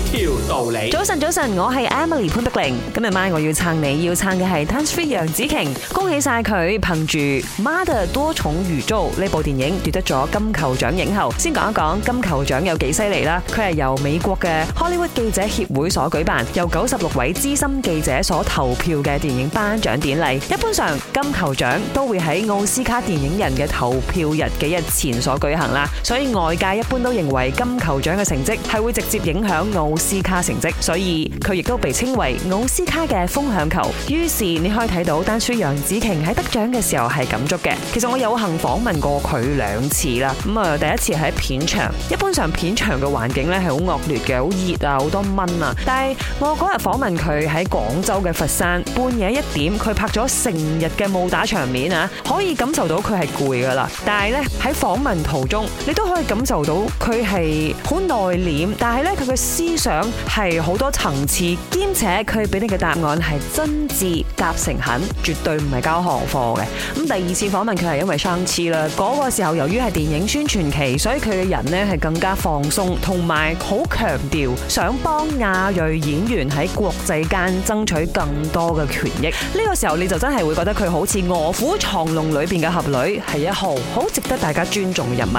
條道理。早晨，早晨，我係 Emily 潘碧玲。今日晚我要撐你，要撐嘅係 Tan Sri 楊紫瓊。恭喜晒佢，憑住《Mother 多重宇宙》呢部電影奪得咗金球獎影后。先講一講金球獎有幾犀利啦。佢係由美國嘅 Hollywood 記者協會所舉辦，由九十六位資深記者所投票嘅電影頒獎典禮。一般上，金球獎都會喺奧斯卡電影人嘅投票日幾日前所舉行啦。所以外界一般都認為金球獎嘅成績係會直接影響奧斯卡成績，所以佢亦都被稱為奧斯卡嘅風向球。於是你可以睇到，當初楊紫瓊喺得獎嘅時候係感觸嘅。其實我有幸訪問過佢兩次啦。咁啊，第一次喺片場，一般上片場嘅環境咧係好惡劣嘅，好熱啊，好多蚊啊。但係我嗰日訪問佢喺廣州嘅佛山，半夜一點，佢拍咗成日嘅武打場面啊，可以感受到佢係攰噶啦。但係咧喺訪問途中，你都可以感受到佢係好內斂。但係咧佢嘅思思想係好多層次，兼且佢俾你嘅答案係真摯、夾誠懇，絕對唔係交行貨嘅。咁第二次訪問佢係因為生次啦。嗰個時候由於係電影宣傳期，所以佢嘅人呢係更加放鬆，同埋好強調想幫亞裔演員喺國際間爭取更多嘅權益。呢個時候你就真係會覺得佢好似卧虎藏龍裏邊嘅俠女，係一號好值得大家尊重嘅人物。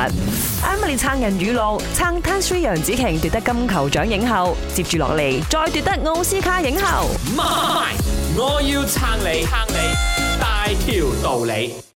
Emily 撐人語錄撐丹斯里楊紫瓊奪得金球獎影后，接住落嚟，再奪得奧斯卡影后。MY，我要撐你，撐你大條道理。